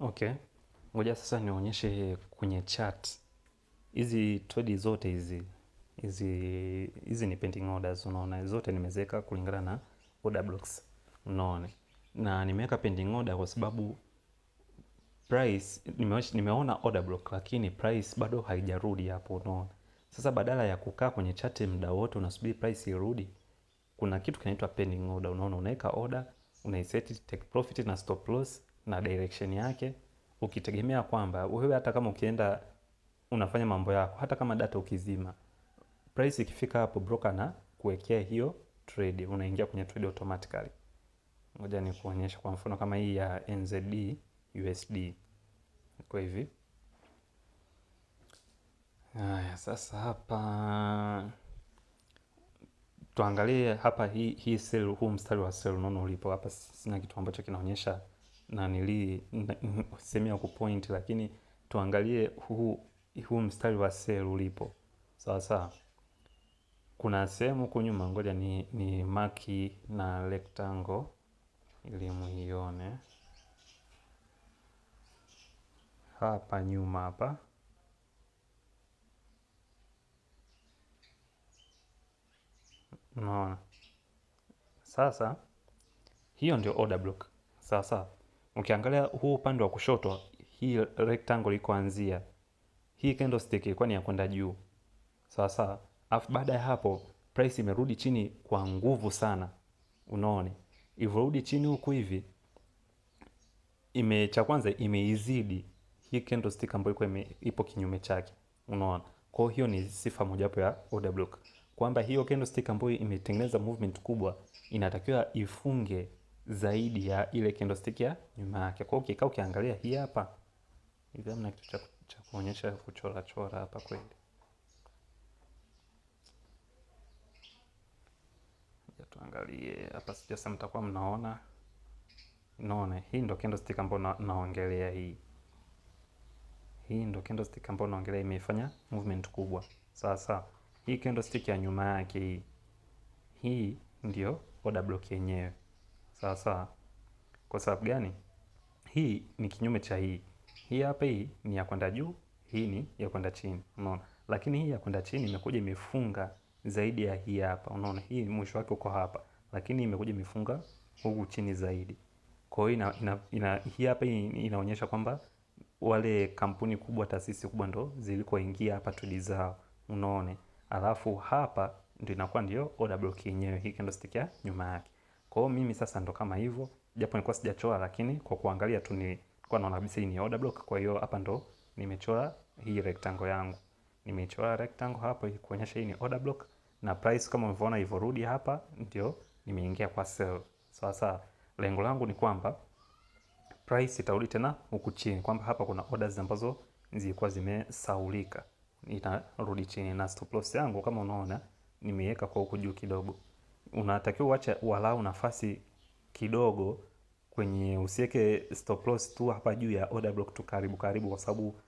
Okay, ngoja sasa nionyeshe kwenye chat hizi trade zote hizi hizi hizi ni pending orders, unaona zote nimeziweka kulingana na order blocks, unaona na nimeweka pending order kwa sababu price nimeona order block, lakini price bado haijarudi hapo, unaona. Sasa badala ya kukaa kwenye chat muda wote unasubiri price irudi, kuna kitu kinaitwa pending order, unaona, unaweka order, unaiset take profit na stop loss na direction yake, ukitegemea kwamba wewe hata kama ukienda unafanya mambo yako, hata kama data ukizima, price ikifika hapo, broker na kuwekea hiyo trade, unaingia kwenye trade automatically. Ngoja ni kuonyesha kwa mfano kama hii ya NZD USD iko hivi. Haya, sasa hapa tuangalie hapa hii hii sell, huu mstari wa sell unaona ulipo hapa. Sina kitu ambacho kinaonyesha nanilii sehemu ya kupoint, lakini tuangalie huu, huu mstari wa sel ulipo sawa sawa. Kuna sehemu huku nyuma, ngoja ni, ni maki na rectangle ili muione hapa nyuma hapa Unaona, sasa hiyo ndio order block. Sawa sawa, Ukiangalia huu upande wa kushoto, hii rectangle iko anzia hii candlestick ilikuwa ni ya kwenda juu, sawa sawa. Alafu baada ya hapo price imerudi chini kwa nguvu sana, unaone ilivyorudi chini huku hivi, ime cha kwanza imeizidi hii candlestick ambayo ilikuwa ipo kinyume chake, unaona. Kwa hiyo hiyo ni sifa mojawapo ya order block, kwamba hiyo candlestick ambayo imetengeneza movement kubwa inatakiwa ifunge zaidi ya ile candlestick ya nyuma yake. Kwa hiyo ukikaa ukiangalia hii hapa, hivi hamna kitu cha kuonyesha kuchora chora hapa kweli. Tuangalie hapa, sijasa mtakuwa mnaona naone, hii ndo candlestick ambayo na, naongelea hii hii ndo candlestick ambayo naongelea, imefanya movement kubwa. Sasa hii candlestick ya nyuma yake hii, hii ndio order block yenyewe. Sawa sawa. Kwa sababu gani? Hii ni kinyume cha hii. Hii hapa hii ni ya kwenda juu, hii ni ya kwenda chini. Unaona? Lakini hii ya kwenda chini imekuja imefunga zaidi ya hii hapa. Unaona? Hii mwisho wake uko hapa. Lakini imekuja imefunga huku chini zaidi. Kwa hiyo ina, ina, ina, hii hapa hii inaonyesha kwamba wale kampuni kubwa, taasisi kubwa ndo zilikoingia hapa trade zao. unaona. Alafu hapa ndio inakuwa ndio order block yenyewe. Hii candlestick ya nyuma yake. Kwa hiyo mimi sasa ndo kama hivyo, japo nilikuwa sijachora, lakini kwa kuangalia tu nilikuwa naona kabisa hii ni order block. Kwa hiyo hapa ndo nimechora hii rectangle yangu, nimechora rectangle hapo kuonyesha hii ni order block, na price kama mvona hivyo, rudi hapa, ndio nimeingia kwa sell. Sasa lengo langu ni kwamba price itarudi tena huku chini, kwamba hapa kuna orders ambazo zilikuwa zimesaulika, itarudi chini, na stop loss yangu kama unaona nimeiweka kwa huku juu kidogo unatakiwa uache walau nafasi kidogo kwenye, usiweke stop loss tu hapa juu ya order block tu karibu karibu, kwa sababu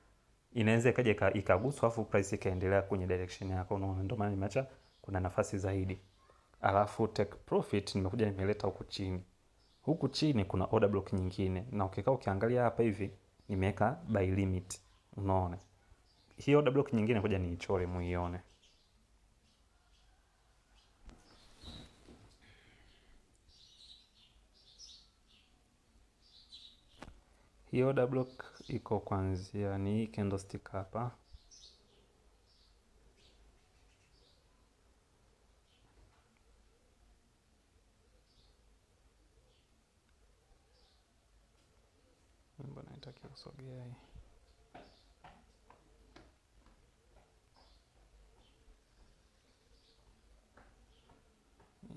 inaweza ikaja ikaguswa, afu price ikaendelea kwenye direction yako, unaona. Ndio maana nimeacha kuna nafasi zaidi. Alafu take profit nimekuja nimeleta huku chini, huku chini kuna order block nyingine, na ukikaa ukiangalia hapa hivi nimeweka buy limit, unaona hii order block nyingine kuja niichore muione. Hii order block iko kwanzia ni hii candlestick hapa mbona itaki kusogea hii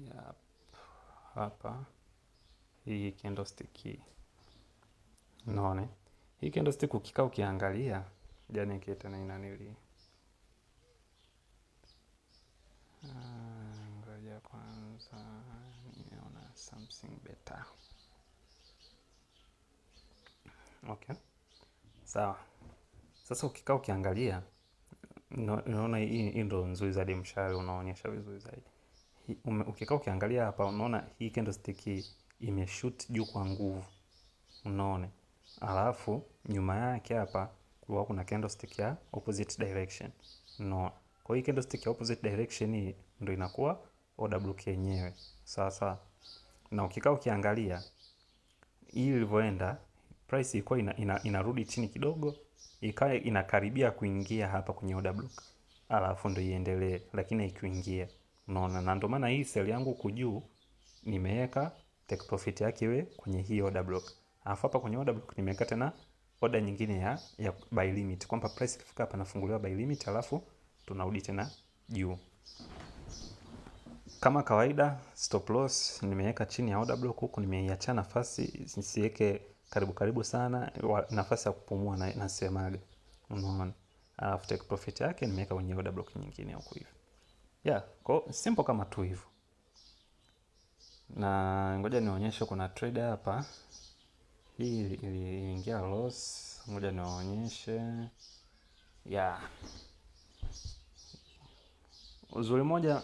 yep. hapa hii candlestick hii Unaona? Hiki ndio siku ukikaa ukiangalia jani kete na ina nili. Ah, ngoja kwanza niona something better. Okay. Sawa. Sasa ukikaa ukiangalia unaona hii ndio nzuri zaidi, mshale unaonyesha vizuri zaidi. Ukikaa ukiangalia hapa unaona hii candlestick imeshoot juu kwa nguvu. Unaona? Alafu nyuma yake hapa kulikuwa kuna candlestick ya opposite direction. No. Kwa hiyo candlestick ya opposite direction hii ndio inakuwa OWK yenyewe. Sasa na ukikaa ukiangalia hii ilivyoenda price ilikuwa inarudi ina, ina, chini kidogo ikae inakaribia kuingia hapa kwenye OWK. Alafu ndio iendelee lakini haikuingia. Unaona na ndio maana hii sell yangu kujuu nimeweka take profit yake iwe kwenye hiyo OWK. Alafu hapa kwenye order book nimeweka tena order nyingine ya, ya buy limit kwamba price ikifika hapa nafunguliwa buy limit, alafu tunarudi tena juu. Kama kawaida stop loss nimeweka chini ya order block, huku nimeiacha nafasi siweke karibu karibu sana, nafasi ya kupumua na nasemaga, unaona. Alafu take profit yake nimeweka kwenye order block nyingine huko hivi. Yeah, kwa simple kama tu hivyo. Na ngoja nionyeshe kuna trader hapa hii iliingia loss, ngoja niwaonyeshe yeah. Uzuri moja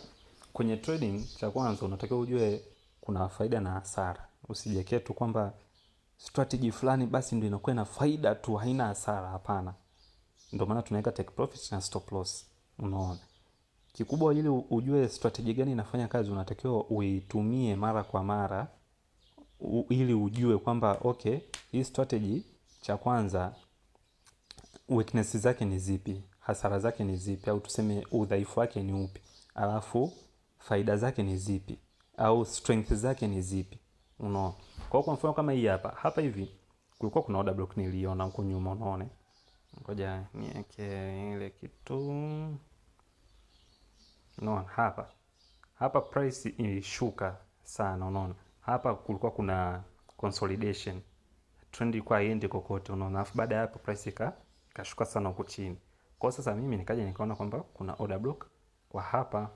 kwenye trading, cha kwanza unatakiwa ujue kuna faida na hasara. Usijekee tu kwamba strategy fulani basi ndio inakuwa na faida tu, haina hasara. Hapana, ndio maana tunaweka take profit na stop loss. Unaona, kikubwa ili ujue strategy gani inafanya kazi, unatakiwa uitumie mara kwa mara u, ili ujue kwamba okay, hii strategy cha kwanza weakness zake ni zipi, hasara zake ni zipi, au tuseme udhaifu wake ni upi, alafu faida zake ni zipi, au strength zake ni zipi. no. kwa kwa mfano kama hii hapa hapa hivi kulikuwa kuna order block niliona huko nyuma, unaona. Ngoja niweke ile kitu. no, hapa hapa price ilishuka sana, unaona hapa kulikuwa kuna consolidation, trend ilikuwa haiende kokote, unaona. Alafu baada ya hapo price ika ikashuka sana huko chini. Kwa sasa mimi nikaja nikaona kwamba kuna order block kwa hapa,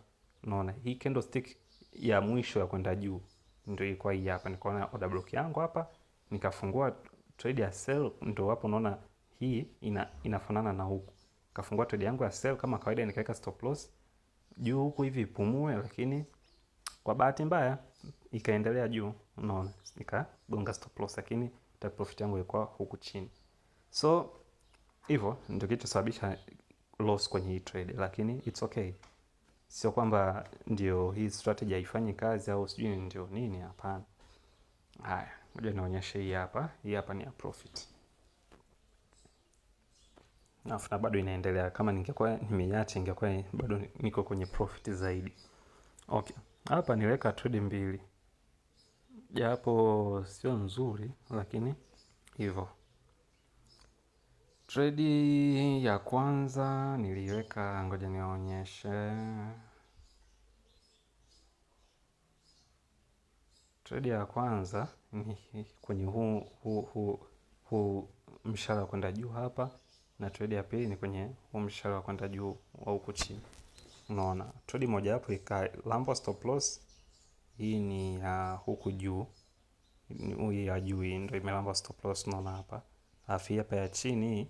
unaona, hii candlestick ya mwisho ya kwenda juu ndio ilikuwa hii hapa. Nikaona order block yangu hapa, nikafungua trade ya sell, ndio hapo unaona hii ina, inafanana na huku. Kafungua trade yangu ya sell kama kawaida, nikaweka stop loss juu huku hivi ipumue, lakini kwa bahati mbaya ikaendelea juu, unaona, nikagonga stop loss, lakini take profit yangu ilikuwa huku chini. So hivyo ndio kilichosababisha loss kwenye hii trade, lakini it's okay. Sio kwamba ndio hii strategy haifanyi kazi au sijui ndio nini, hapana. Haya, ngoja nionyeshe hii hapa. Hii hapa ni ya profit, na bado inaendelea. Kama ningekuwa nimeacha, ingekuwa bado niko kwenye profit zaidi. Okay, hapa niweka trade mbili japo sio nzuri, lakini hivyo. Trade ya kwanza niliweka, ngoja niwaonyeshe trade ya kwanza ni kwenye huu huu hu, hu, mshale wa kwenda juu hapa, na trade ya pili ni kwenye huu mshale wa kwenda juu wa huku chini. Unaona trade moja hapo ikalamba stop loss hii ni ya huku juu. Hii ya juu hii ndio imelamba stop loss unaona hapa. Alafu hapa ya chini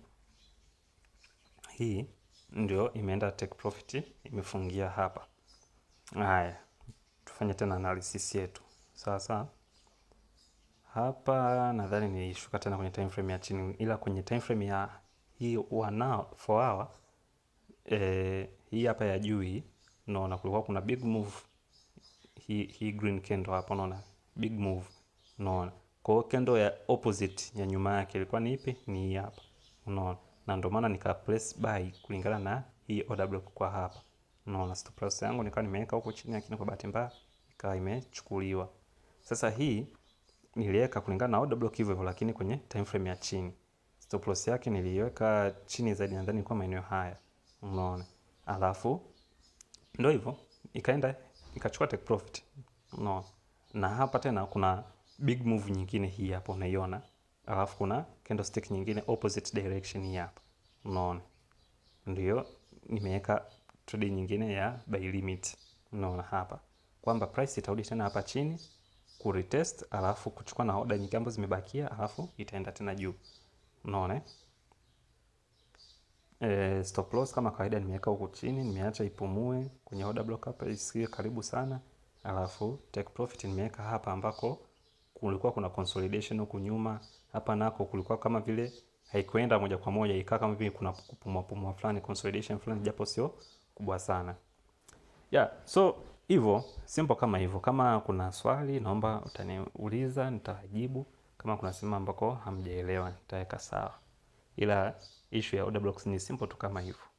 hii ndio imeenda take profit imefungia hapa. Haya. Tufanye tena analysis yetu. Sasa hapa nadhani nilishuka tena kwenye time frame ya chini ila kwenye time frame ya hii one hour, for hour, eh, hii hapa ya juu hii unaona kulikuwa kuna big move hii hii green candle hapo, unaona big move, unaona. Kwa hiyo candle ya opposite ya nyuma yake ilikuwa ni ipi? Ni hii hapa, unaona, na ndio maana nika place buy kulingana na hii order block kwa hapa, unaona. Stop loss yangu nikawa nimeweka huko chini, lakini kwa bahati mbaya ikawa imechukuliwa. Sasa hii niliweka kulingana na order block hivyo hivyo, lakini kwenye time frame ya chini. Stop loss yake niliweka chini zaidi, nadhani kwa maeneo haya, unaona, alafu ndio hivyo ikaenda ikachukua take profit. No. Na hapa tena kuna big move nyingine hii hapa unaiona, alafu kuna candlestick nyingine opposite direction hii hapa unaona, ndio nimeweka trade nyingine ya buy limit. Unaona hapa kwamba price itarudi tena hapa chini ku retest, alafu kuchukua na order nyingine ambazo zimebakia, alafu itaenda tena juu. Unaona. E, stop loss kama kawaida nimeweka huku chini, nimeacha ipumue kwenye order block hapa isikie karibu sana. Alafu take profit nimeweka hapa ambako kulikuwa kuna consolidation huku nyuma. Hapa nako kulikuwa kama vile haikwenda moja kwa moja, ikaa kama vile kuna kupumua pumua fulani, consolidation fulani, japo sio kubwa sana. Yeah, so hivyo simple kama hivyo. Kama kuna swali naomba utaniuliza, nitajibu. Kama kuna sehemu ambako hamjaelewa nitaweka sawa, ila issue ya order blocks ni simple tu kama hivyo.